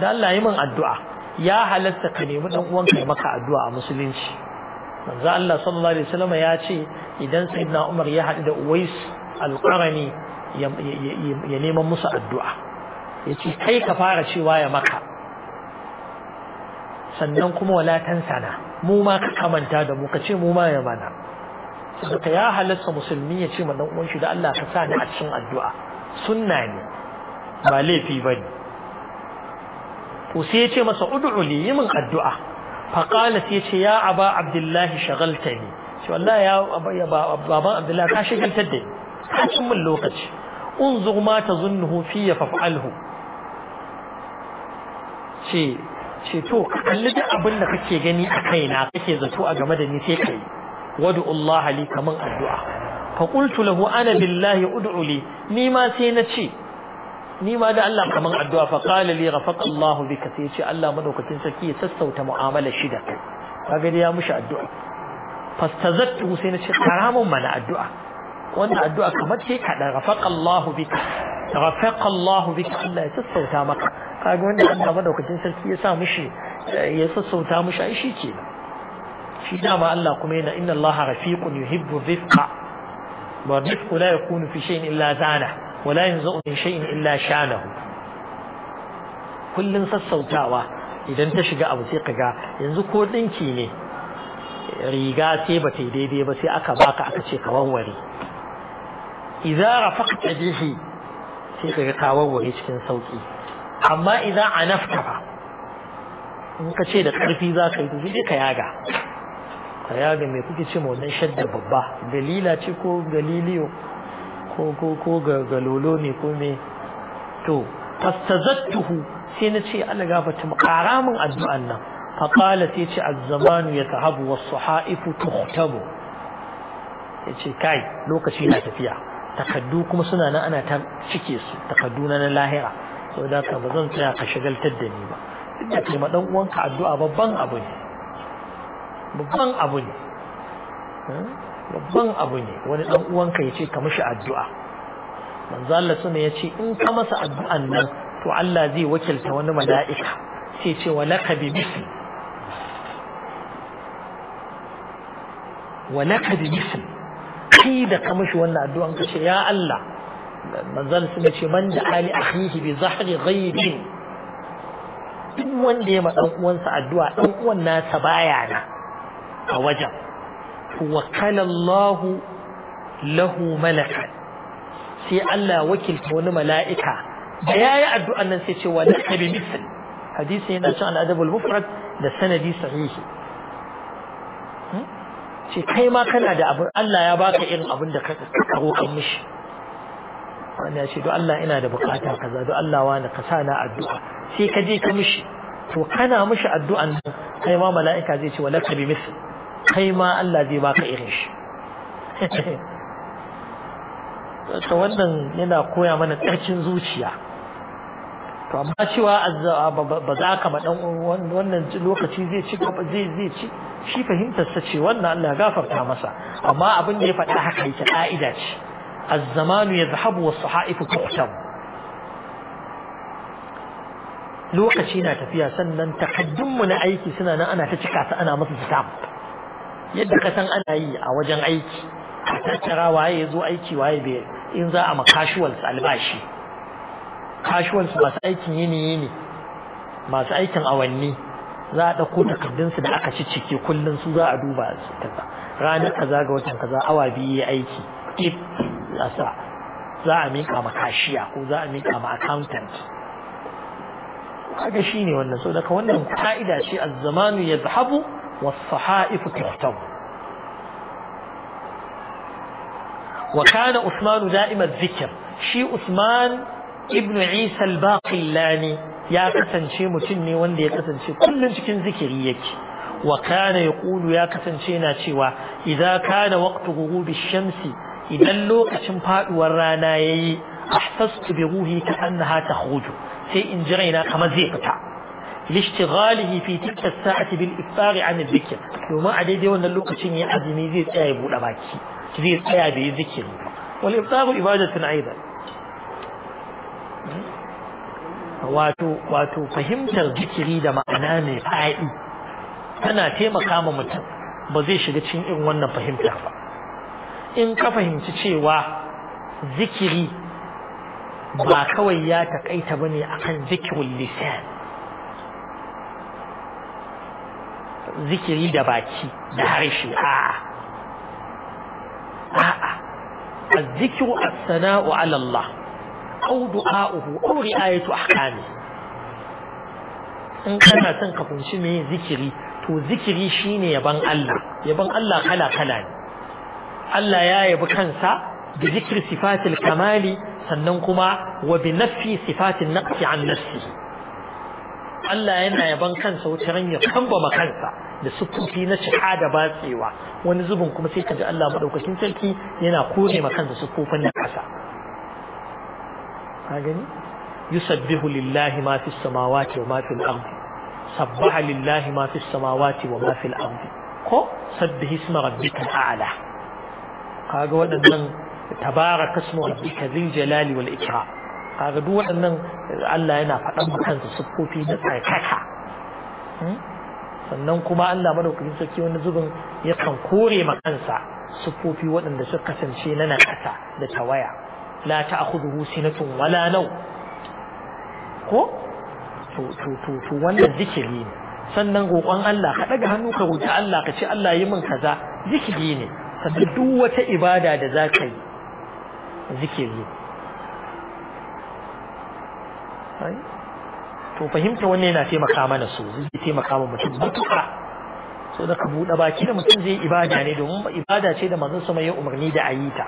da Allah yi min addu'a ya halatta ka nemi dan uwanka ya maka addu'a a musulunci manzo Allah sallallahu alaihi wasallam ya ce idan sayyidina Umar ya haɗu da Uwais al-Qarani ya neman musu addu'a ya ce kai ka fara cewa ya maka sannan kuma wala sana mu ma ka kamanta da mu ka ce mu ma ya mana saboda ya halatta musulmi ya ce ma dan uwan shi da Allah ka sa ni a cikin addu'a sunna ne ba laifi bane to sai ya ce masa ud'u li yi min addu'a fa qala ya ce ya aba abdullahi shagaltani ce wallahi ya baban abdullahi ka shagaltar da ni ka cin min lokaci unzur ma tazunnuhu fi fa'alhu ce ce to kalli duk abin da kake gani a kaina kake zato a game da ni sai kai wadu Allah li kaman addu'a fa lahu ana billahi ud'u ni ma sai na ce ni ma da Allah kaman addu'a fa qala li ghafaqa Allah bika sai ce Allah madaukakin sarki ya sassauta mu'amala shi da kai kaga ya mushi addu'a fastazattu sai na ce haramun mana addu'a wannan addu'a kamar ce ka da ghafaqa Allah bika ghafaqa Allah bika Allah ya sassauta maka kaga wanda Allah madaukakin sarki ya sa mushi eh, ya sassauta mushi ai shi kenan shi dama Allah kuma yana inna Allah rafiqun yuhibbu rifqa wa rifqu la yakunu fi shay'in illa zana wala yanzu min shay'in illa shanahu kullun sassautawa idan ta shiga abu sai kaga yanzu ko dinki ne riga sai ba ta daidai ba sai aka baka aka ce ka warware idza rafaqta bihi sai kaga ka warware cikin sauki amma idza anafta fa in ka ce da karfi za ka yi to sai ka yaga ka yaga me kuke ce ma wannan shadda babba dalila ce ko galiliyo ko ko ko ga lolo ne ko me to fastazattuhu sai na ce Allah gafarta mu ƙara min addu'an nan fa qala sai ce az-zamanu yatahabu was-suhaifu tuhtabu yace kai lokaci na tafiya takaddu kuma suna nan ana ta cike su takaddu na lahira saboda ka ba zan tsaya ka shagaltar da ni ba duk da kai ma dan uwanka addu'a babban abu ne babban abu ne hmm? babban abu ne wani dan uwanka yace ka mishi addu'a manzo Allah sunne yace in ka masa addu'an nan to Allah zai wakilta wani mala'ika sai ce wa laka bi wa laka bi kai da ka mishi wannan addu'an ka ce ya Allah manzo Allah sunne ce man da ali akhihi bi zahri ghaibin duk wanda ya ma dan uwansa addu'a dan uwan nasa baya na a wajen wakalallahu lahu malakan sai Allah wakilta wani mala'ika da yayi addu'an nan sai ce wa laka bi misl yana cikin al-adab da sanadi sahihi hmm? ce ma kana da abin Allah ya baka irin abin da ka roƙan mishi wani ya ce do Allah ina da bukata kaza do Allah wani ka sa na addu'a sai ka ka mishi to kana mishi addu'an nan kai ma mala'ika zai ci wa laka kai ma Allah zai baka irin shi ta wannan yana koya mana tsarkin zuciya to amma cewa ba za ka maɗan wannan lokaci zai ci gaba zai zai ci shi fahimtar sa ce wannan Allah gafarta masa amma abin da ya faɗa haka yake ka'ida ce az-zamanu yadhhabu was-saha'ifu tuktab lokaci na tafiya sannan takaddunmu na aiki suna nan ana ta cika su ana masa stamp yadda ka san ana yi a wajen aiki a tattara waye ya zo aiki waye bai in za a ma casuals albashi casuals masu aikin yini yini masu aikin awanni za a ɗauko su da aka ci ciki kullun su za a duba su kaza ranar kaza ga watan kaza awa biyu ya aiki if a sa za a mika ma kashiya ko za a mika ma accountant kaga shine wannan so daga wannan ka'ida ce az-zamanu yadhhabu والصحائف تختم وكان عثمان دائما ذكر شي عثمان ابن عيسى الباقي اللاني يا كتن شي متني وان دي كتن شي كل شكين ذكريك وكان يقول يا كتن شي ناتشي إذا كان وقت غروب الشمس إذا لو كتن فاق ورانا أحسست بروحي كأنها تخرج في إنجرينا كما ذيكتها لاشتغاله في تلك الساعة بالإفطار عن الذكر وما عدد يوم اللوكة شيء أزمي زي تأيب ولا زي تأيب ذكر والإفطار إبادة أيضا wato wato fahimtar zikiri da ma'ana mai fa'i tana taimaka ma mutum ba zai shiga cin irin wannan fahimtar ba in ka fahimci cewa zikiri ba kawai ya takaita bane akan zikirin lisan zikiri da baki da harshe a'a a'a الذكر الثناء Audu الله أو دعاؤه أو رعاية أحكامه in kana son ka kunshi me zikiri to zikiri shine yaban Allah yaban Allah kala kala ne Allah ya yabi kansa bi zikri sifatil kamali sannan kuma wa bi nafi sifatin naqsi an nafsihi Allah yana yaban kansa wata ran kambama kansa da sufufi na cika da batsewa wani zubin kuma sai ka ji Allah madaukakin sarki yana kore ma kansa sufufin na kasa ka gani yusabbihu lillahi ma fis samawati wa ma fil ardi sabbaha lillahi ma fis samawati wa ma fil ardi ko sabbihi isma rabbikal a'la kaga waɗannan tabaraka ismu rabbika dhil jalali wal ikram kaga duk waɗannan Allah yana faɗan kansa siffofi na tsarkaka hmm? sannan kuma Allah madaukakin sarki wani zubin yakan kore ma kansa siffofi waɗanda suka kasance na nakasa da tawaya la ta'khudhu sinatun wala naw ko to to to to wannan zikiri ne sannan roƙon Allah ka ɗaga hannu ka roƙi Allah ka ce Allah yi min kaza zikiri ne sannan duk wata ibada da za ka yi zikiri to fahimta wannan yana taimaka mana su zai taimaka mana mutum mutuka so da ka buɗe baki da mutum zai ibada ne domin ibada ce da manzon sama ya umarni da ayi ta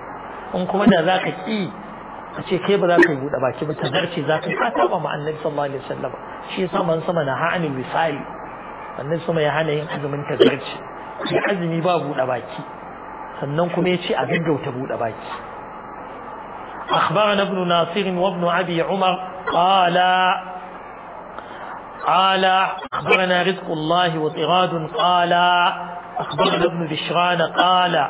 in kuma da zaka ki ka ce kai ba za ka yi buɗe baki ba ta zarce za ka ka taɓa ma annabi sallallahu shi yasa manzon sama na ha'anin misali annabi sama ya hana yin azumin ta zarce azumi ba buɗe baki sannan kuma ya ce a gaggauta buɗe baki أخبرنا ابن ناصر وابن أبي عمر قال قال أخبرنا رزق الله وطراد قال أخبرنا ابن بشران قال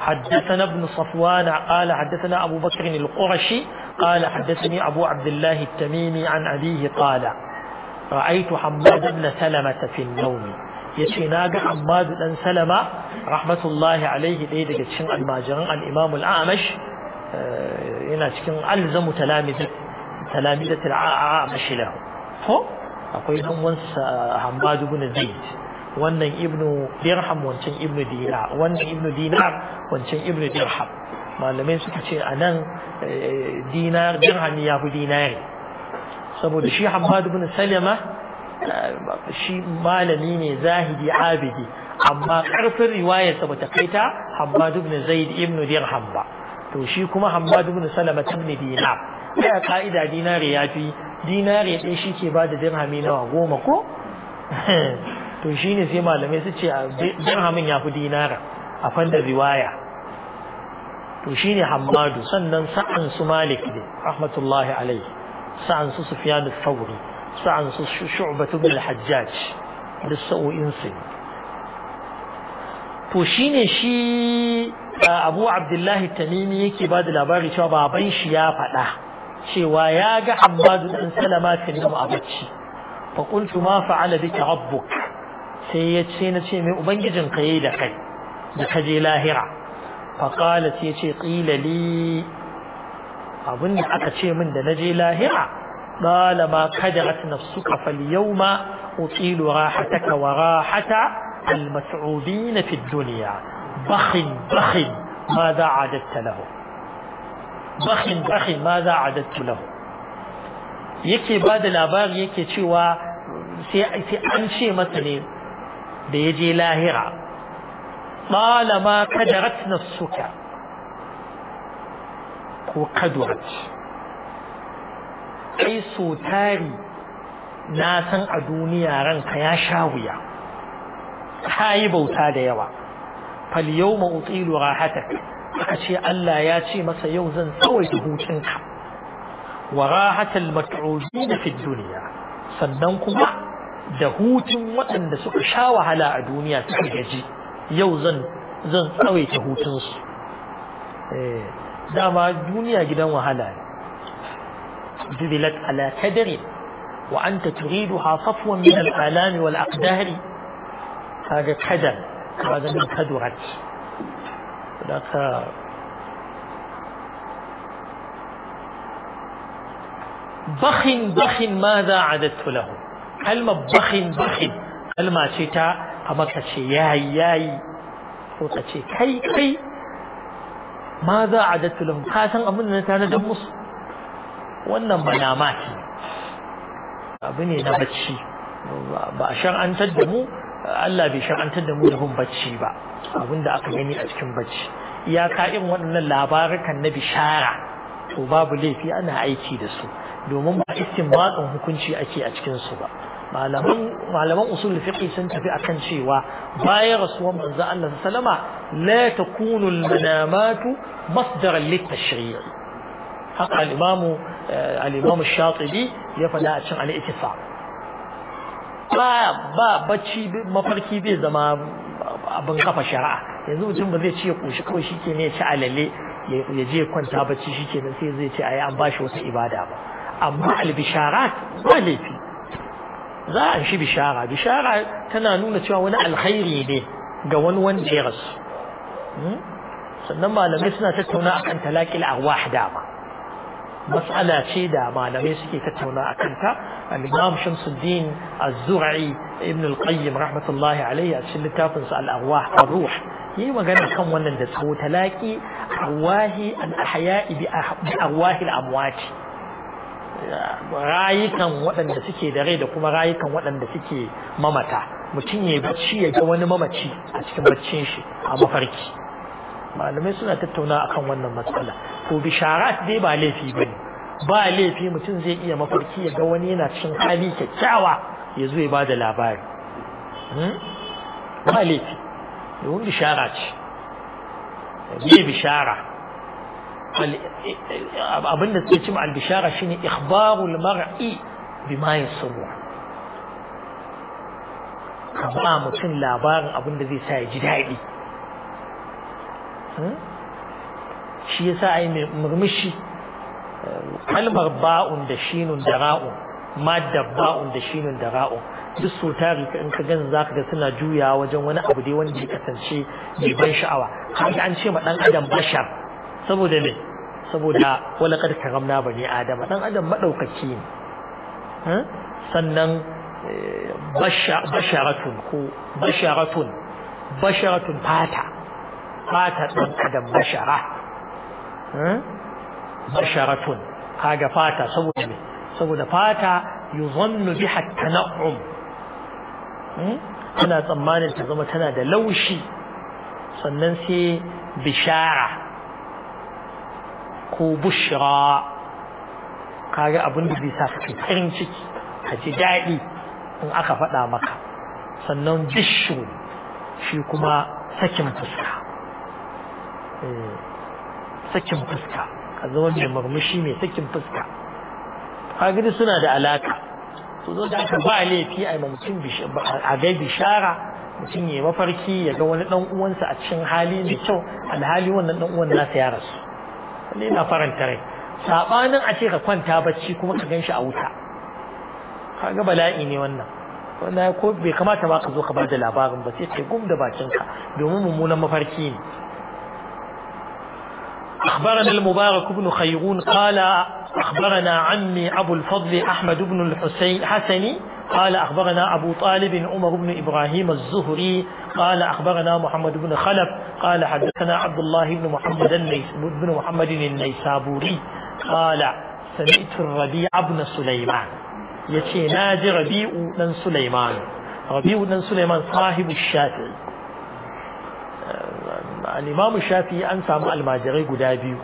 حدثنا ابن صفوان قال حدثنا أبو بكر القرشي قال حدثني أبو عبد الله التميمي عن أبيه قال رأيت حماد بن سلمة في النوم يشي ناقة حماد بن سلمة رحمة الله عليه ليه دقت شن الماجران الإمام الأعمش yana cikin alzamu talamizat talamizat al'a mashilahu ko akwai dan wansa Hammad ibn Zaid wannan ibnu dirham wancan ibnu Dina wannan ibnu dinar wancan ibnu dirham malamai suka ce anan dinar dirham ya fi dinari saboda shi Hammad ibn Salama shi malami ne zahidi abidi amma ƙarfin riwayarsa bata kai ta Hammad ibn Zaid ibnu dirham ba to shi kuma Hammad ibn Salama ibn Dinar ai ka'ida dinari ya fi dinari ɗin shi ke bada dirhami nawa goma ko to shi ne sai malamai su ce dirhamin ya fi dinara a fanda riwaya to shi ne hammadu sannan sa'an su malik ne rahmatullahi alaihi sa'an su sufyan sa'ansu thawri sa'an su shu'batu bil hajjaj da sa'o'in su to shine shi abu abdullahi tamimi yake ba da labari cewa baban shi ya faɗa cewa ya ga abbadu ɗan salama ta nemo a bacci fa qultu ma fa'ala bika rabbuk sai ya ce na ce mai ubangijin ka da kai da ka je lahira fa qala sai ce qila li da aka ce min da na je lahira qala ma kadarat nafsuka fal yawma utilu rahataka wa rahata المتعوبين في الدنيا بخ بخ ماذا عددت له بخ بخ ماذا عددت له يكي بعد الأباغ يكي شوى سي أنشي مثلي بيجي لاهرة طالما قدرت نفسك وقدرت أي سوتاري ناسا أدوني يا رنك يا شاوية ka yi bauta da yawa fal yawma utilu rahatak aka ce Allah ya ce masa yau zan tsawaita hutunka wa rahatal mat'udin fi dunya sannan kuma da hutun waɗanda suka sha wahala a duniya suka gaji yau zan zan tsawaita hutunsu eh, dama duniya gidan wahala ne jubilat ala kadri wa anta Turidu hafafuwan min al-alami wal aqdari هذا كدر هذا من كدرت هناك بخن بخن ماذا عددت له كلمة بخن بخن كلمة شتاء أما تشي ياي ياي أو كي كي ماذا عددت لهم خاصاً أمن نتانا دمص وأنا مناماتي أبني نبتشي بأشر أن تدمو Allah bai shar'antar da mu da bin bacci ba abinda aka gani a cikin bacci ya ka irin waɗannan labarukan na bishara to babu laifi ana aiki da su domin ba istinbatsin hukunci ake a cikin su ba malaman malaman usul fiqh sun tafi akan cewa bayan rasuwar manzo Allah sallama la takunu al-manamatu masdaran lit-tashri' haka al imamu al imamu ash-shatibi ya fada a cikin al ittifaq ba ba bacci mafarki bai zama abin kafa shari'a yanzu mutum ba zai ce koshi kawai shi ke ne ya ci alale ya je kwanta bacci shi ke sai zai ce ayi an bashi wata ibada ba amma albisharat ba laifi za a shi bishara bishara tana nuna cewa wani alkhairi ne ga wani wanda ya rasu hmm? sannan malamai suna tattauna akan talakil wahda dama matsala ce da malamai suke tattauna a kanta a imam shamsuddin az-zur'i ibn al-qayyim rahmatullahi alayhi a cikin littafin sa al-arwah ar-ruh yayi magana kan wannan da tsawo talaki arwahi al ah, bi arwahi al-amwat rayukan waɗanda suke da rai da kuma rayukan waɗanda suke mamata mutum ya bacci ya ga wani mamaci a cikin baccin shi a mafarki malamai suna tattauna akan wannan matsala to bisharat dai ba laifi ba ba laifi mutum zai iya mafarki ya ga wani yana cin hali kyakkyawa ya zo ya ba da labari hmm? ba laifi domin bishara ce ne bishara e, e, abinda suke cima albishara shine ikhbarul mar'i ma yasru ka ba mutum labarin abinda zai sa ya ji daɗi hmm? shi yasa ai murmushi kalmar ba'un da shinun da ra'un madda ba'un da shinun da ra'un duk so tari in ka gan zaka ga suna juya wajen wani abu dai wanda ya kasance mai ban sha'awa haka an ce ma dan adam bashar saboda me saboda wala kad karamna bani adam dan adam madaukaki ne sannan eh, basharatun ko basharatun basharatun fata fata dan adam bashara basharatun kaga fata saboda me saboda fata yuzannu biha tan'um hmm? tsammanin ta zama tana da laushi sannan sai bishara ko bushra kaga abin da zai ka farin ciki ka ji daɗi in aka faɗa maka sannan bishu shi kuma sakin fuska eh, sakin fuska ka zama mai murmushi mai sakin fuska gidi suna da alaka to zo da aka ba laifi a ma mutum a ga bishara mutum ya mafarki ya ga wani dan uwansa a cikin hali mai kyau alhali wannan dan uwan nasa ya rasu Wani na faranta rai sabanin a ce ka kwanta bacci kuma ka gan shi a wuta kaga bala'i ne wannan wannan ko bai kamata ba ka zo ka ba da labarin ba sai kai gum da bakinka domin mummunan mafarki ne أخبرنا المبارك بن خيرون قال أخبرنا عمي أبو الفضل أحمد بن الحسين حسني قال أخبرنا أبو طالب عمر بن إبراهيم الزهري قال أخبرنا محمد بن خلف قال حدثنا عبد الله بن محمد بن محمد النيسابوري قال سمعت الربيع بن سليمان يتي ناجي ربيع بن سليمان ربيع بن سليمان صاحب الشافعي الإمام الشافعي أن سام المازري جدابيو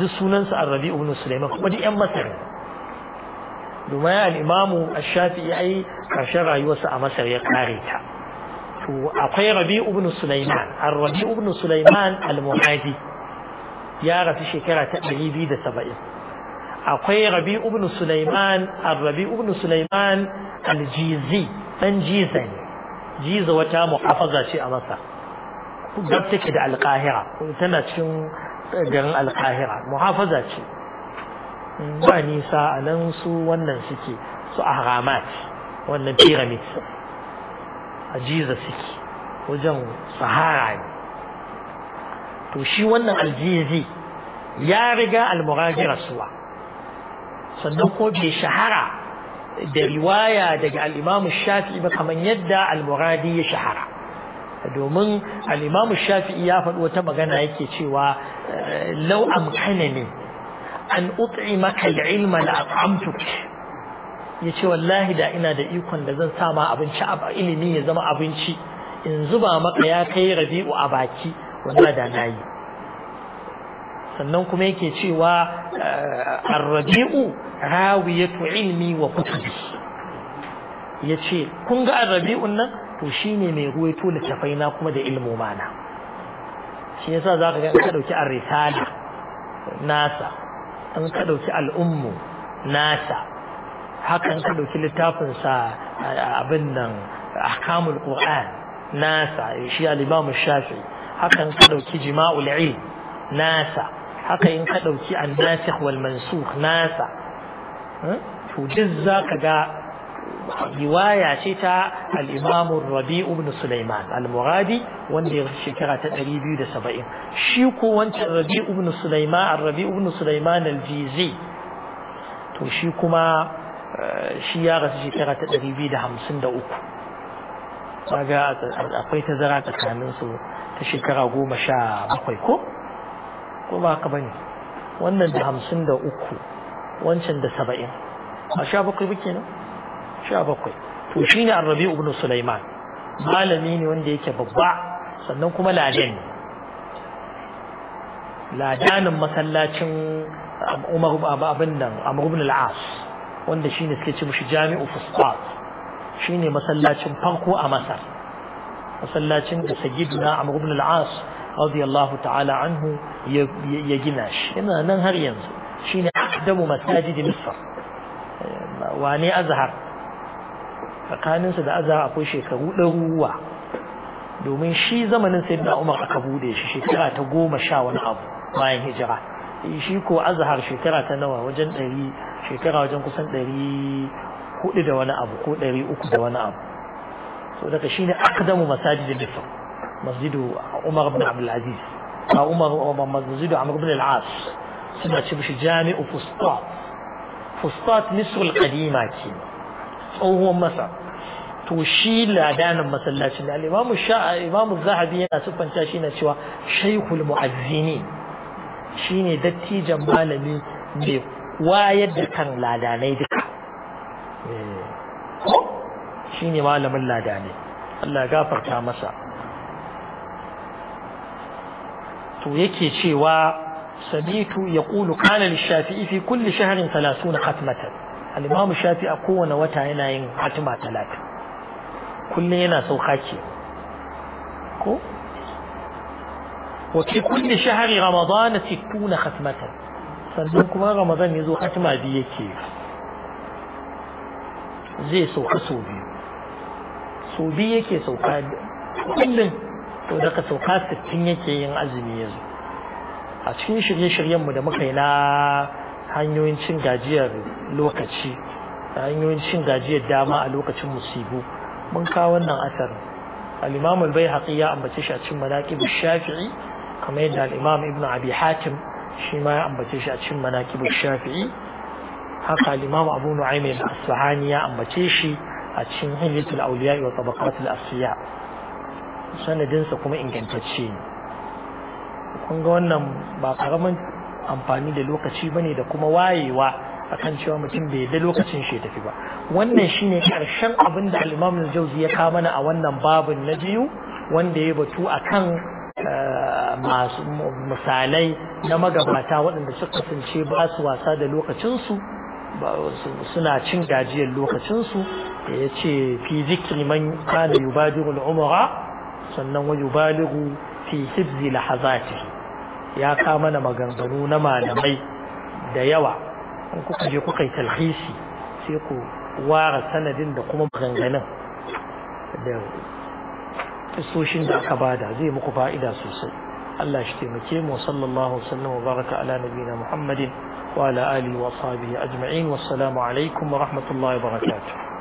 دسونس الربيع بن سليمان ودي أم مصر دوما الإمام الشافعي أي كشرع يوسع مصر يقاريتا أقي ربيع بن سليمان الربيع بن سليمان المعادي يا رفي شكرا تأبلي بيد سبعين أقي ربيع بن سليمان الربيع بن سليمان الجيزي من جيزين جيز وتام محافظة شيء مصر gab take da alƙahira tana cikin garin alƙahira muhafaza ce ba nisa a nan su wannan suke su ahramat wannan pyramid a jiza suke wajen sahara ne to shi wannan aljizi ya riga almuradi suwa sannan ko bai shahara da riwaya daga al'imamu shafi ba kamar yadda almuradi ya shahara domin Alimamu Shafi'i ya faɗi wata magana yake cewa eh, kane ne an maka maka ilma la Ya ce wallahi da ina da ikon da zan sa ma abinci a ilimi ya zama abinci in zuba maka ya kai rabi'u a baki wanda da na yi. sannan kuma yake cewa eh, ar-rabi'u rawiyatu ilmi wa kutubi yace kun ga rabiun nan to ne mai ruwaito littafai na kuma da ilmu mana shi yasa zaka ga ka ɗauki a risala nasa an ka ɗauki al'ummu ummu nasa hakan ka ɗauki littafinsa sa abin nan ahkamul qur'an nasa shi al-imam shafi hakan ka ɗauki jima'ul ilm nasa haka in ka ɗauki an-nasikh wal mansukh nasa hmm? to duk zaka ga riwaya ce ta al-Imam Rabi ibn Sulaiman al-Muradi wanda ya shekara ta 270 shi ko wancan Rabi ibn Sulaiman Rabi ibn Sulaiman al-Jizi to shi kuma eh, shi ya rasu shekara ta 253 kaga akwai zara tsakanin su ta shekara 17 ko ko ba ka bane wannan da 53 wancan da 70 a sha bakwai kenan sha to shi ne Rabi ibn sulaiman malami ne wanda yake babba sannan kuma ladan ladanin masallacin umar abin nan amr ibn al-as wanda shine suke ce mishi jami'u fusqat shine masallacin farko a masar masallacin da sayyidina amr ibn al-as radiyallahu ta'ala anhu ya gina shi yana nan har yanzu shine aqdamu masajid misr eh, wani azhar tsakaninsa da azhar akwai shekaru ɗaruwa domin shi zamanin sai sayyidina umar aka bude shi shekara ta goma sha wani abu bayan hijira shi ko azahar shekara ta nawa wajen ɗari shekara wajen kusan ɗari hudu da wani abu ko ɗari uku da wani abu so daga shi ne aka damu masajid da misr masjidu umar ibn abdul aziz a umar masjidu amr ibn al-as suna ce mishi jami'u fustat fustat misr al-qadima ce tsohuwar masar to shi ladanin masallacin da al'imamu imamu zahabi yana siffanta shi na cewa shaikul mu'azzini shine dattijan malami mai wayar da kan ladanai duka shine malamin ladanai Allah gafarta masa to yake cewa samitu yaqulu kana lishafi'i fi kulli shahrin 30 khatmatan al-imam shafi'i a kowane wata yana yin hatima 30 kullum yana sauka ce ko wa fi kulli shahri ramadana 60 khatmatan sannan kuma ramadan yazo khatma biyu yake zai sauka sau biyu sau biyu yake sauka kullum to daga sauka 60 yake yin azumi yazo a cikin shirye-shiryenmu da muka yi na hanyoyin cin gajiyar lokaci hanyoyin cin gajiyar dama a lokacin musibu mun kawo wannan asarin al-imam al ya ambace shi a cikin manaqib shafi'i kamar yadda al-imam ibn abi hatim shi ma ya ambace shi a cikin manaqib shafi'i haka al-imam abu nu'aym al-asfahani ya ambace shi a cikin hilyatul awliya wa tabaqatul Asiya sanadinsa kuma ingantacce ne kun ga wannan ba karamin amfani da lokaci bane da kuma wayewa akan cewa mutum bai da lokacin shi tafi ba wannan shine karshen abin da al-Imam al-Jawzi ya kawo mana a wannan babin na biyu wanda ya batu akan eh, masu misalai na magabata waɗanda suka kasance ba su wasa da lokacinsu suna cin gajiyar lokacinsu da ya ce fi zikri man kana yubadiru al-umra sannan wa yubaligu fi hibzi lahazati ya kama na maganganu na malamai da yawa in kuka je kuka yi talhisi sai ku wara sanadin da kuma maganganan da kisoshin da aka bada zai muku fa'ida sosai Allah shi taimake mu sallallahu sallam wa baraka ala nabiyina Muhammadin wa ala alihi wa sahbihi ajma'in wassalamu alaikum wa rahmatullahi wa barakatuh